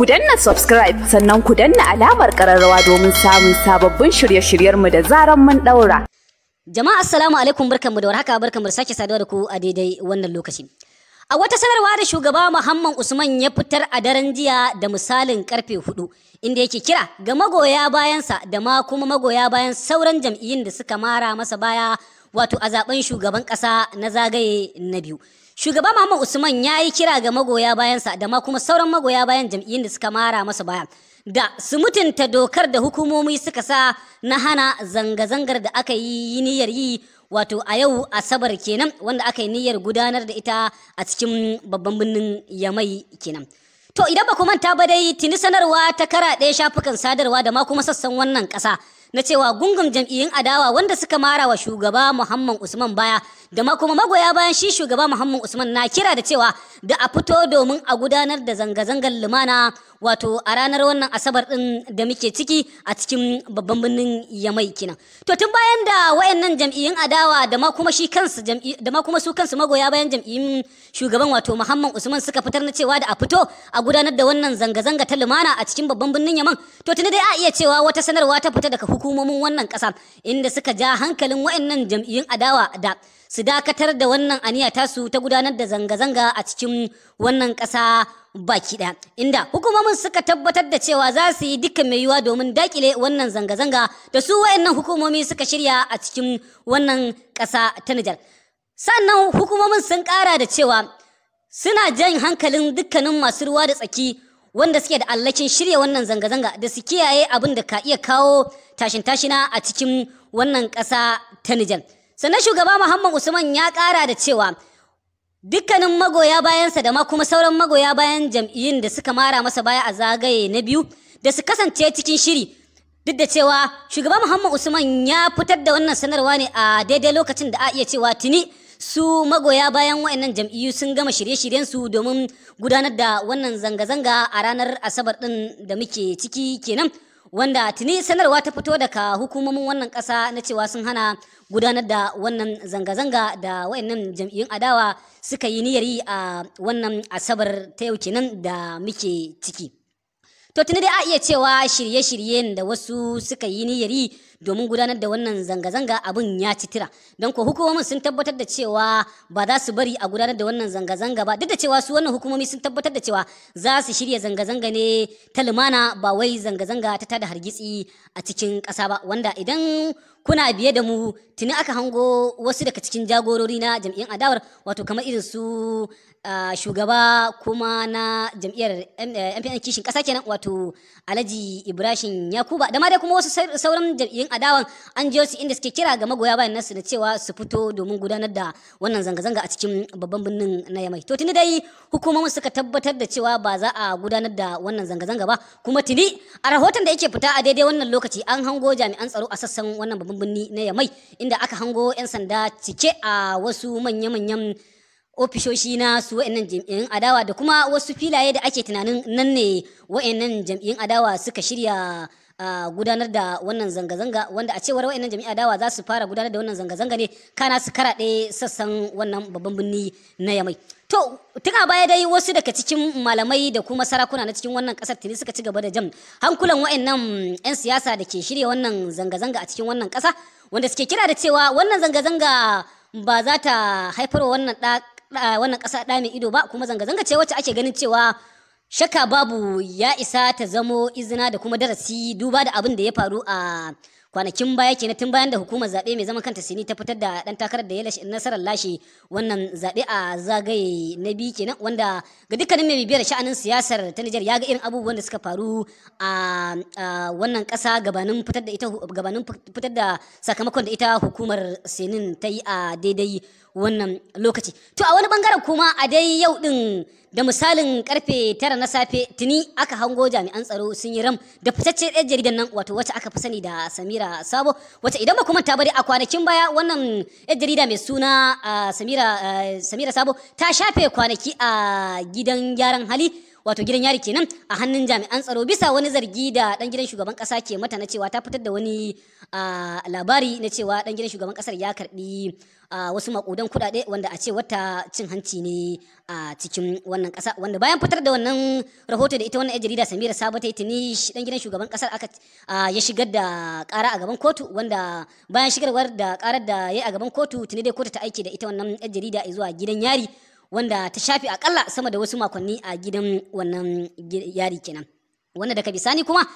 Ku danna subscribe sannan ku danna alamar ƙararrawa domin samun sababbin shirye-shiryenmu da zaran mun ɗaura. Jama'a assalamu alaikum barkanmu da warhaka barkanmu da sake saduwa da ku a daidai wannan lokaci. A wata sanarwa da shugaba Muhammad Usman ya fitar a daren jiya da misalin karfe hudu, inda yake kira ga magoya bayansa da ma kuma magoya bayan sauran jam'iyyun da suka mara masa baya wato a zaben shugaban ƙasa na zagaye na biyu. Shugaba Muhammad Usman ya yi kira ga magoya bayansa da ma kuma sauran magoya bayan jam'iyyun da suka mara masa baya. Da su mutunta dokar da hukumomi suka sa na hana zanga-zangar da aka yi niyyar yi wato a yau asabar kenan wanda aka yi niyyar gudanar da ita a cikin babban birnin yamai kenan. To idan ba ku manta ba dai tuni sanarwa ta kara ɗaya shafukan sadarwa da ma kuma sassan wannan ƙasa na cewa gungun jam'iyyun adawa wanda suka mara wa shugaba Muhammad Usman baya da ma kuma magoya bayan shi shugaba Muhammad Usman na kira da cewa da a fito domin a gudanar da zanga-zangar lumana wato a ranar wannan asabar din da muke ciki a cikin babban birnin Yamai kina to tun bayan da wayannan jam'iyyun adawa da ma kuma shi kansu da ma kuma su kansu magoya bayan jam'iyyun shugaban wato Muhammad Usman suka fitar na cewa da a fito a gudanar da wannan zanga-zanga ta lumana a cikin babban birnin Yaman to tuni dai a iya cewa wata sanarwa ta fita daga hukumomin wannan kasa inda suka ja hankalin wayannan jam'iyyun adawa da su dakatar da wannan aniya tasu ta gudanar da zanga-zanga a cikin wannan ƙasa baki ɗaya inda hukumomin suka tabbatar da cewa za su yi dukkan mai yiwuwa domin dakile wannan zanga-zanga da su wayannan hukumomi suka shirya a cikin wannan ƙasa ta Nijar. Sannan hukumomin sun ƙara da cewa suna jan hankalin dukkanin masu ruwa da tsaki wanda suke da allakin shirya wannan zanga-zanga da su kiyaye abin da ka iya kawo tashin-tashina a cikin wannan ƙasa ta Nijar. sannan shugaba muhammad usman ya kara da cewa dukkanin magoya bayansa da ma kuma sauran magoya bayan jam'iyyun da suka mara masa baya a zagaye na biyu da su kasance cikin shiri duk da cewa shugaba muhammad usman ya fitar da wannan sanarwa ne a daidai lokacin da a iya cewa tuni su magoya bayan wa'annan jam'iyyu sun gama shirye-shiryensu domin gudanar da wannan zanga-zanga a ranar asabar ɗin da muke ciki kenan wanda tuni sanarwa ta fito daga hukumomin wannan kasa na cewa sun hana gudanar da wannan zanga-zanga da wayannan jam'iyyun adawa suka yi niyyar yi a wannan asabar ta yau kenan da muke ciki to tuni dai a iya cewa shirye-shiryen da wasu suka yi niyyar yi domin gudanar da wannan zanga-zanga abin ya ci tira don ko hukumomin sun tabbatar da cewa ba za su bari a gudanar da wannan zanga-zanga ba duk da cewa su wannan hukumomi sun tabbatar da cewa za su shirya zanga-zanga ne ta lumana ba wai zanga-zanga ta tada hargitsi a cikin ƙasa ba wanda idan kuna biye da mu tuni aka hango wasu daga cikin jagorori na jam'iyyar adawar wato kamar irin su shugaba kuma na jam'iyyar MPN eh, kishin kasa kenan wato Alhaji Ibrahim Yakuba da ma dai kuma wasu sauran jam'iyyun adawan an jiyo su inda suke kira ga magoya bayan nasu da cewa su fito domin gudanar da wannan zanga-zanga a cikin babban birnin na Yamai to tuni dai hukumomin suka tabbatar da cewa ba za a gudanar da wannan zanga-zanga ba kuma tuni a rahoton da yake fita a daidai wannan lokaci an hango jami'an tsaro a sassan wannan babban birni na Yamai inda aka hango 'yan sanda cike a wasu manya-manyan ofishoshi na su wa'annan jam'iyyun adawa da kuma wasu filaye da ake tunanin nan ne wa'annan jam'iyyun adawa suka shirya gudanar da wannan zanga-zanga wanda a cewar wa'annan jam'iyyun adawa za su fara gudanar da wannan zanga-zanga ne kana su karaɗe sassan wannan babban birni na yamai to tun a baya dai wasu daga cikin malamai da kuma sarakuna na cikin wannan kasar tuni suka ci gaba da jam hankulan wa'annan 'yan siyasa da ke shirya wannan zanga-zanga a cikin wannan kasa wanda suke kira da cewa wannan zanga-zanga ba za ta haifarwa wannan wannan ƙasa ɗa mai ido ba kuma zanga-zanga ce wacce ake ganin cewa shakka babu ya isa ta zamo izina da kuma darasi duba da abin da ya faru a kwanakin baya kenan tun bayan da hukumar zaɓe mai zaman kanta sini ta fitar da ɗan takarar da ya lashe nasarar lashe wannan zaɓe a zagaye na biyu kenan wanda ga dukkanin mai bibiyar sha'anin siyasar ta Nijar ya ga irin abubuwan da suka faru a wannan ƙasa gabanin fitar da ita sakamakon da ita hukumar sinin ta yi a daidai wannan lokaci to a wani bangaren kuma a dai yau din da misalin karfe tara na safe tuni aka hango jami'an tsaro sun yi ram da fitacce ɗaya jaridan nan wato wacce aka fi sani da samira sabo wacce idan ba kuma ta bari a kwanakin baya wannan ɗaya jarida mai suna ah, ah, samira sabo ta shafe kwanaki a gidan gyaran hali wato gidan yari kenan a hannun jami'an tsaro bisa wani zargi da dan gidan shugaban kasa ke mata na cewa ta fitar da wani labari na cewa dan gidan shugaban kasar ya karbi wasu makudan kudade wanda a ce wata cin hanci ne a cikin wannan kasa wanda bayan fitar da wannan rahoto da ita wannan yan jarida Samira Sabo ta yi dan gidan shugaban kasar aka ya shigar da kara a gaban kotu wanda bayan shigarwar da karar da ya a gaban kotu tuni dai kotu ta aike da ita wannan yan jarida zuwa gidan yari wanda ta shafi akalla sama da wasu makonni a gidan wannan yari kenan wanda daga bisani kuma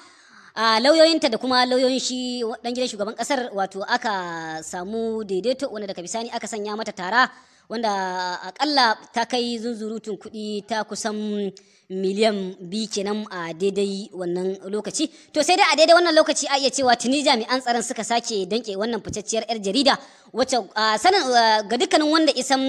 a lauyoyinta da kuma lauyoyin shi dan gidan shugaban kasar wato aka samu daidaito wanda daga bisani aka sanya mata tara wanda akalla ta kai zunzurutun kuɗi ta kusan miliyan biyu kenan a daidai wannan lokaci to sai dai a daidai wannan lokaci a iya cewa tuni jami'an tsaron suka sake danke wannan fitacciyar yar jarida wacce sanin ga dukkanin wanda isan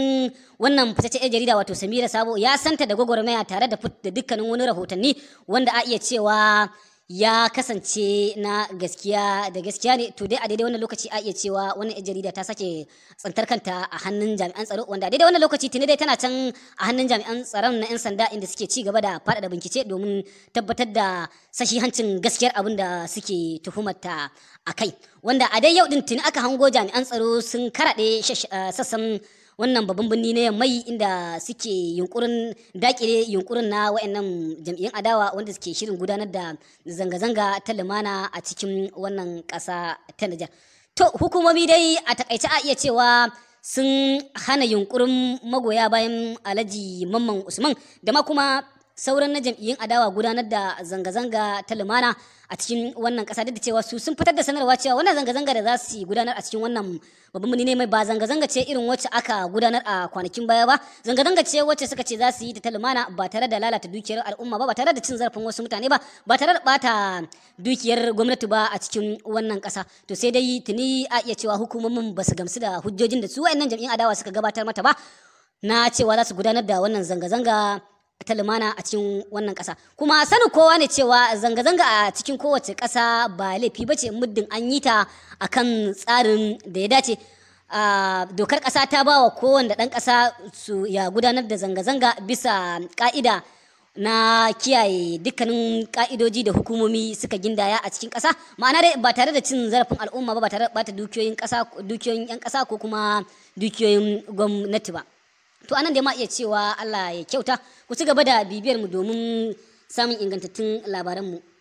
wannan fitacciyar yar jarida wato Samira Sabo ya santa da gwagwarmaya tare da dukkanin wani rahotanni wanda a iya cewa ya kasance na gaskiya da gaskiya ne to dai a daidai wannan lokaci a iya cewa wannan jarida ta sake tsantar kanta a hannun jami'an tsaro wanda a daidai wannan lokaci tuni dai tana can a hannun jami'an tsaron na 'yan sanda inda suke ci gaba da faɗaɗa bincike domin tabbatar da sahihancin gaskiyar abin da suke tuhumarta a kai wanda a dai yau din tuni aka hango jami'an tsaro sun karaɗe sassan wannan babban birni na yammai inda suke yunkurin dakile yunkurin na wayannan jam'iyyun adawa wanda suke shirin gudanar da zanga-zanga ta lumana a cikin wannan ƙasa ta Nijar. To hukumomi dai a takaice a iya cewa sun hana yunkurin magoya bayan Alhaji Mamman Usman da ma kuma sauran na jam'iyyun adawa gudanar da zanga-zanga ta lumana a cikin wannan kasa duk da cewa su sun fitar da sanarwa cewa wannan zanga-zanga da za su gudanar a cikin wannan babban birni ne mai ba zanga-zanga ce irin wacce aka gudanar a kwanakin baya ba zanga-zanga ce wacce suka ce za su yi ta lumana ba tare da lalata dukiyar al'umma ba ba tare da cin zarafin wasu mutane ba ba tare da bata dukiyar gwamnati ba a cikin wannan kasa to sai dai tuni a iya cewa hukumomin ba su gamsu da hujjojin da su wa'annan jam'iyyun adawa suka gabatar mata ba na cewa za su gudanar da wannan zanga-zanga ta lumana a cikin wannan ƙasa kuma sanin kowa ne cewa zanga-zanga a cikin kowace ƙasa ba laifi ba ce muddin an yi ta a kan tsarin da ya dace dokar ƙasa ta ba wa kowanne ɗan ƙasa su ya gudanar da zanga-zanga bisa ƙa'ida na kiyaye dukkanin ƙa'idoji da hukumomi suka gindaya a cikin ƙasa ma'ana dai ba tare da cin zarafin al'umma ba ba tare da ɓata dukiyoyin 'yan ƙasa ko kuma dukiyoyin gwamnati ba. to anan da ma iya cewa Allah ya kyauta ku ci gaba da bibiyar mu domin samun ingantattun labaran mu